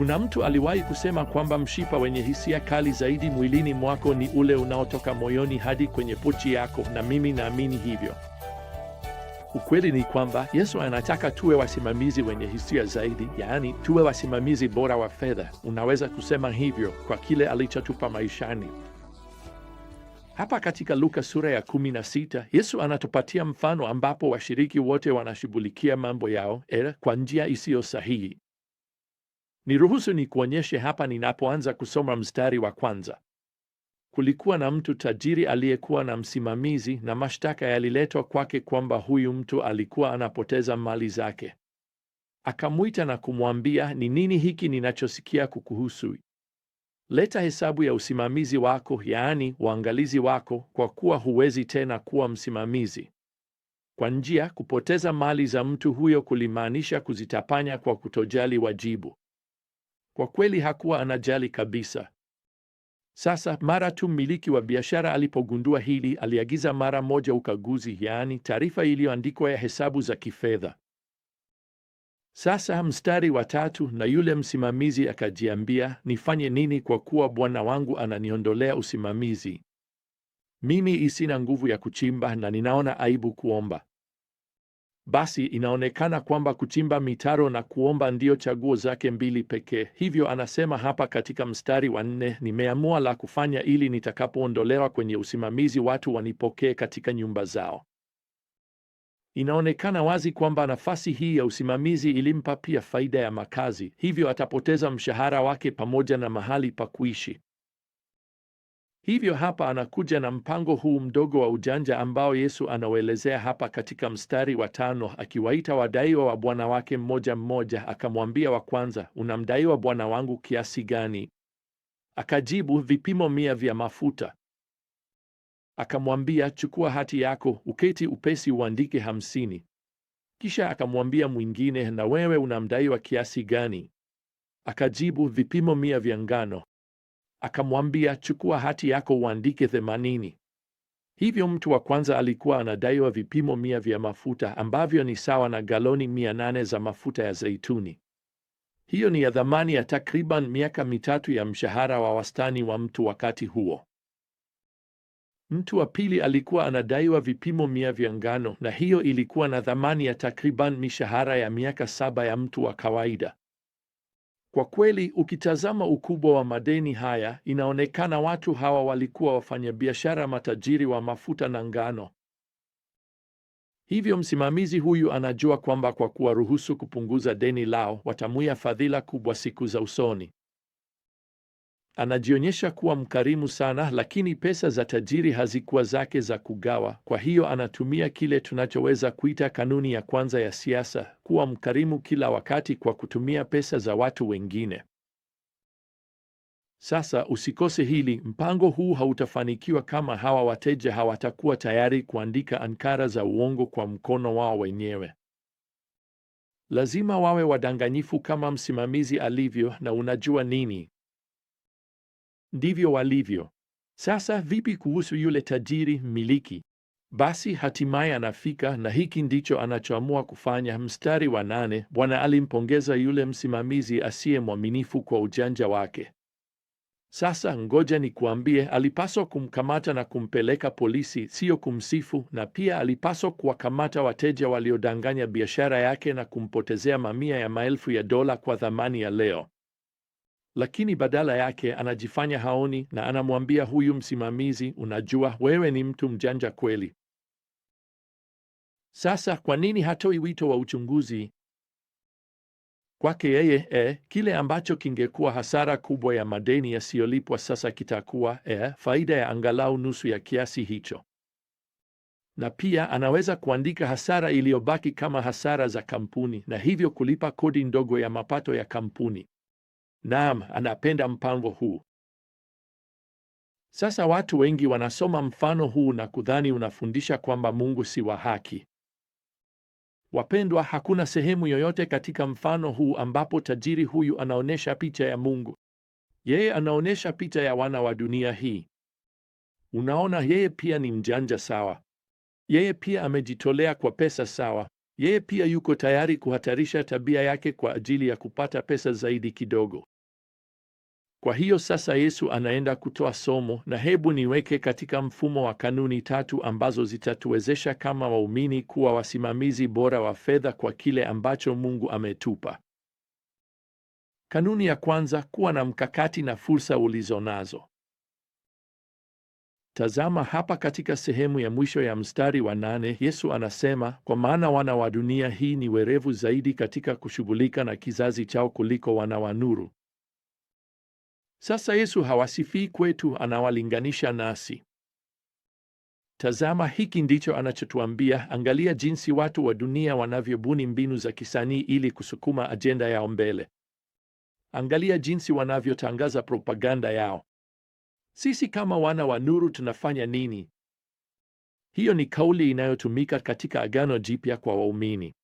Kuna mtu aliwahi kusema kwamba mshipa wenye hisia kali zaidi mwilini mwako ni ule unaotoka moyoni hadi kwenye pochi yako, na mimi naamini hivyo. Ukweli ni kwamba Yesu anataka tuwe wasimamizi wenye hisia zaidi, yaani tuwe wasimamizi bora wa fedha. Unaweza kusema hivyo kwa kile alichotupa maishani. Hapa katika Luka sura ya 16 Yesu anatupatia mfano ambapo washiriki wote wanashughulikia mambo yao era kwa njia isiyo sahihi. Niruhusu ni kuonyeshe hapa ninapoanza kusoma mstari wa kwanza. Kulikuwa na mtu tajiri aliyekuwa na msimamizi, na mashtaka yaliletwa kwake kwamba huyu mtu alikuwa anapoteza mali zake. Akamwita na kumwambia, ni nini hiki ninachosikia kukuhusu? Leta hesabu ya usimamizi wako, yaani uangalizi wako, kwa kuwa huwezi tena kuwa msimamizi. Kwa njia, kupoteza mali za mtu huyo kulimaanisha kuzitapanya kwa kutojali wajibu. Kwa kweli hakuwa anajali kabisa. Sasa mara tu mmiliki wa biashara alipogundua hili, aliagiza mara moja ukaguzi, yaani taarifa iliyoandikwa ya hesabu za kifedha. Sasa mstari wa tatu, na yule msimamizi akajiambia, nifanye nini kwa kuwa bwana wangu ananiondolea usimamizi? Mimi isina nguvu ya kuchimba na ninaona aibu kuomba. Basi inaonekana kwamba kuchimba mitaro na kuomba ndiyo chaguo zake mbili pekee. Hivyo anasema hapa katika mstari wa nne, nimeamua la kufanya ili nitakapoondolewa kwenye usimamizi watu wanipokee katika nyumba zao. Inaonekana wazi kwamba nafasi hii ya usimamizi ilimpa pia faida ya makazi, hivyo atapoteza mshahara wake pamoja na mahali pa kuishi. Hivyo hapa anakuja na mpango huu mdogo wa ujanja ambao Yesu anauelezea hapa katika mstari wa tano, akiwaita wadaiwa wa bwana wake mmoja mmoja, akamwambia wa kwanza, unamdaiwa bwana wangu kiasi gani? Akajibu, vipimo mia vya mafuta. Akamwambia, chukua hati yako, uketi upesi, uandike hamsini. Kisha akamwambia mwingine, na wewe unamdaiwa kiasi gani? Akajibu, vipimo mia vya ngano akamwambia, chukua hati yako uandike themanini. Hivyo mtu wa kwanza alikuwa anadaiwa vipimo mia vya mafuta ambavyo ni sawa na galoni mia nane za mafuta ya zeituni. Hiyo ni ya thamani ya takriban miaka mitatu ya mshahara wa wastani wa mtu wakati huo. Mtu wa pili alikuwa anadaiwa vipimo mia vya ngano, na hiyo ilikuwa na thamani ya takriban mishahara ya miaka saba ya mtu wa kawaida. Kwa kweli, ukitazama ukubwa wa madeni haya, inaonekana watu hawa walikuwa wafanyabiashara matajiri wa mafuta na ngano. Hivyo msimamizi huyu anajua kwamba kwa kuwaruhusu kupunguza deni lao, watamwia fadhila kubwa siku za usoni. Anajionyesha kuwa mkarimu sana, lakini pesa za tajiri hazikuwa zake za kugawa. Kwa hiyo anatumia kile tunachoweza kuita kanuni ya kwanza ya siasa, kuwa mkarimu kila wakati kwa kutumia pesa za watu wengine. Sasa usikose hili. Mpango huu hautafanikiwa kama hawa wateja hawatakuwa tayari kuandika ankara za uongo kwa mkono wao wenyewe. Lazima wawe wadanganyifu kama msimamizi alivyo. Na unajua nini? ndivyo walivyo. Sasa vipi kuhusu yule tajiri mmiliki? Basi hatimaye anafika na hiki ndicho anachoamua kufanya. Mstari wa nane, Bwana alimpongeza yule msimamizi asiye mwaminifu kwa ujanja wake. Sasa ngoja nikuambie, alipaswa kumkamata na kumpeleka polisi, siyo kumsifu. Na pia alipaswa kuwakamata wateja waliodanganya biashara yake na kumpotezea mamia ya maelfu ya dola kwa thamani ya leo lakini badala yake anajifanya haoni na anamwambia huyu msimamizi, unajua, wewe ni mtu mjanja kweli. Sasa kwa nini hatoi wito wa uchunguzi? Kwake yeye e, kile ambacho kingekuwa hasara kubwa ya madeni yasiyolipwa sasa kitakuwa e, faida ya angalau nusu ya kiasi hicho. Na pia anaweza kuandika hasara iliyobaki kama hasara za kampuni na hivyo kulipa kodi ndogo ya mapato ya kampuni. Naam, anapenda mpango huu. Sasa watu wengi wanasoma mfano huu na kudhani unafundisha kwamba Mungu si wa haki. Wapendwa, hakuna sehemu yoyote katika mfano huu ambapo tajiri huyu anaonyesha picha ya Mungu. Yeye anaonyesha picha ya wana wa dunia hii. Unaona, yeye pia ni mjanja sawa. Yeye pia amejitolea kwa pesa sawa. Yeye pia yuko tayari kuhatarisha tabia yake kwa ajili ya kupata pesa zaidi kidogo. Kwa hiyo sasa Yesu anaenda kutoa somo, na hebu niweke katika mfumo wa kanuni tatu ambazo zitatuwezesha kama waumini kuwa wasimamizi bora wa fedha kwa kile ambacho Mungu ametupa. Kanuni ya kwanza, kuwa na mkakati na fursa ulizonazo. Tazama hapa katika sehemu ya mwisho ya mstari wa nane, Yesu anasema, kwa maana wana wa dunia hii ni werevu zaidi katika kushughulika na kizazi chao kuliko wana wa nuru. Sasa Yesu hawasifii kwetu, anawalinganisha nasi. Tazama, hiki ndicho anachotuambia: angalia jinsi watu wa dunia wanavyobuni mbinu za kisanii ili kusukuma ajenda yao mbele. Angalia jinsi wanavyotangaza propaganda yao. Sisi kama wana wa nuru tunafanya nini? Hiyo ni kauli inayotumika katika Agano Jipya kwa waumini.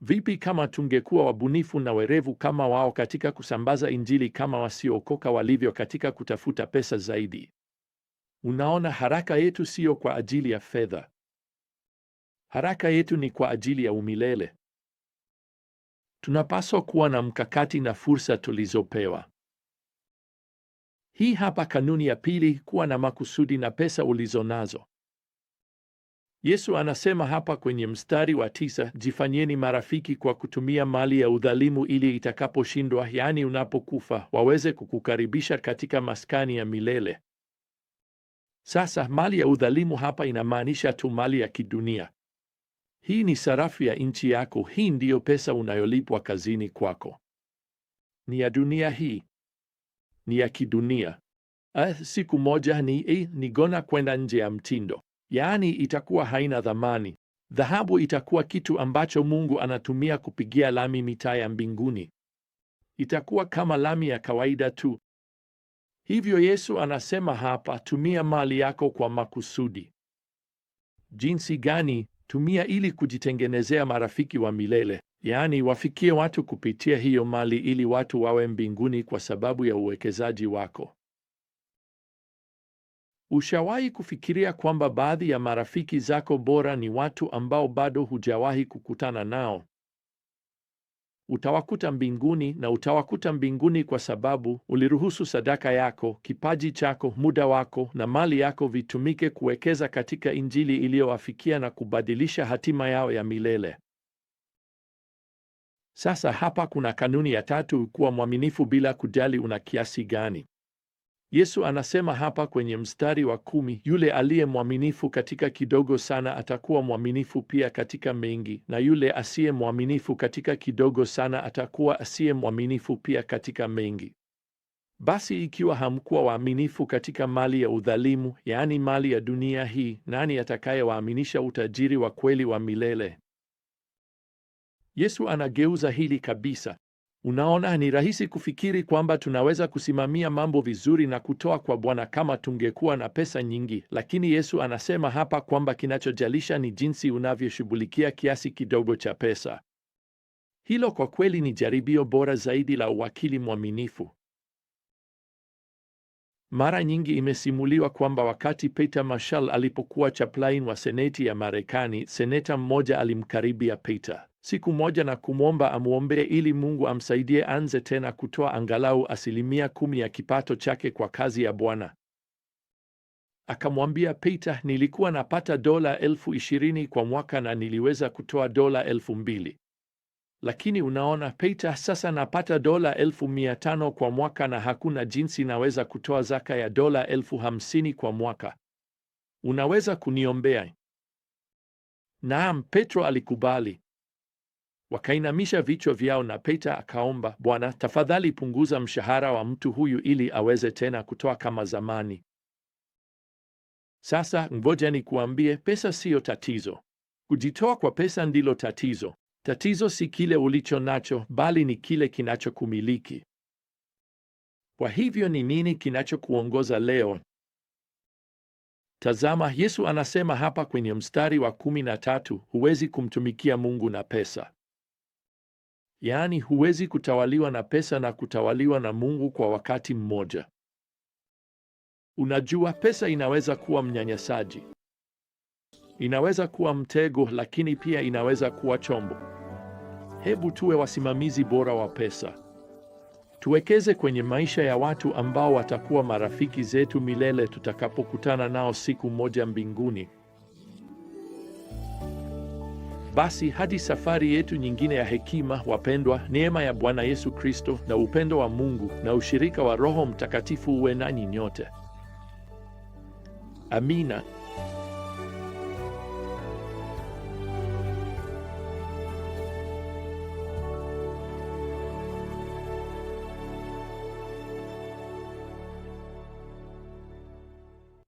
Vipi kama tungekuwa wabunifu na werevu kama wao katika kusambaza Injili kama wasiookoka walivyo katika kutafuta pesa zaidi? Unaona, haraka yetu siyo kwa ajili ya fedha. Haraka yetu ni kwa ajili ya umilele. Tunapaswa kuwa na mkakati na fursa tulizopewa. Hii hapa kanuni ya pili: kuwa na makusudi na pesa ulizonazo. Yesu anasema hapa kwenye mstari wa tisa, jifanyeni marafiki kwa kutumia mali ya udhalimu, ili itakaposhindwa, yaani unapokufa, waweze kukukaribisha katika maskani ya milele. Sasa mali ya udhalimu hapa inamaanisha tu mali ya kidunia. Hii ni sarafu ya nchi yako. Hii ndiyo pesa unayolipwa kazini kwako, ni ya dunia hii ni ya kidunia. A, siku moja ni ni nigona kwenda nje ya mtindo, yaani itakuwa haina dhamani. Dhahabu itakuwa kitu ambacho Mungu anatumia kupigia lami mitaa ya mbinguni, itakuwa kama lami ya kawaida tu. Hivyo Yesu anasema hapa, tumia mali yako kwa makusudi. Jinsi gani? Tumia ili kujitengenezea marafiki wa milele yaani wafikie watu kupitia hiyo mali, ili watu wawe mbinguni kwa sababu ya uwekezaji wako. Ushawahi kufikiria kwamba baadhi ya marafiki zako bora ni watu ambao bado hujawahi kukutana nao? Utawakuta mbinguni, na utawakuta mbinguni kwa sababu uliruhusu sadaka yako, kipaji chako, muda wako na mali yako vitumike kuwekeza katika Injili iliyowafikia na kubadilisha hatima yao ya milele. Sasa hapa kuna kanuni ya tatu, kuwa mwaminifu bila kujali una kiasi gani. Yesu anasema hapa kwenye mstari wa kumi, yule aliye mwaminifu katika kidogo sana atakuwa mwaminifu pia katika mengi, na yule asiye mwaminifu katika kidogo sana atakuwa asiye mwaminifu pia katika mengi. Basi ikiwa hamkuwa waaminifu katika mali ya udhalimu, yaani mali ya dunia hii, nani atakayewaaminisha utajiri wa kweli wa milele? Yesu anageuza hili kabisa. Unaona, ni rahisi kufikiri kwamba tunaweza kusimamia mambo vizuri na kutoa kwa Bwana kama tungekuwa na pesa nyingi, lakini Yesu anasema hapa kwamba kinachojalisha ni jinsi unavyoshughulikia kiasi kidogo cha pesa. Hilo kwa kweli ni jaribio bora zaidi la uwakili mwaminifu. Mara nyingi imesimuliwa kwamba wakati Peter Marshall alipokuwa chaplain wa seneti ya Marekani, seneta mmoja alimkaribia Peter siku moja na kumwomba amwombee ili Mungu amsaidie anze tena kutoa angalau asilimia kumi ya kipato chake kwa kazi ya Bwana. Akamwambia Peter, nilikuwa napata dola elfu ishirini kwa mwaka na niliweza kutoa dola elfu mbili lakini unaona Peter, sasa napata dola elfu mia tano kwa mwaka na hakuna jinsi naweza kutoa zaka ya dola elfu hamsini kwa mwaka. Unaweza kuniombea? Naam, Petro alikubali. Wakainamisha vichwa vyao na Peter akaomba, Bwana, tafadhali punguza mshahara wa mtu huyu ili aweze tena kutoa kama zamani. Sasa ngoja ni kuambie pesa siyo tatizo. Kujitoa kwa pesa ndilo tatizo. Tatizo si kile ulicho nacho, bali ni kile kinachokumiliki. Kwa hivyo ni nini kinachokuongoza leo? Tazama, Yesu anasema hapa kwenye mstari wa kumi na tatu, huwezi kumtumikia Mungu na pesa. Yaani, huwezi kutawaliwa na pesa na kutawaliwa na Mungu kwa wakati mmoja. Unajua, pesa inaweza kuwa mnyanyasaji, inaweza kuwa mtego, lakini pia inaweza kuwa chombo. Hebu tuwe wasimamizi bora wa pesa, tuwekeze kwenye maisha ya watu ambao watakuwa marafiki zetu milele tutakapokutana nao siku moja mbinguni. Basi hadi safari yetu nyingine ya hekima, wapendwa, neema ya Bwana Yesu Kristo na upendo wa Mungu na ushirika wa Roho Mtakatifu uwe nanyi nyote. Amina.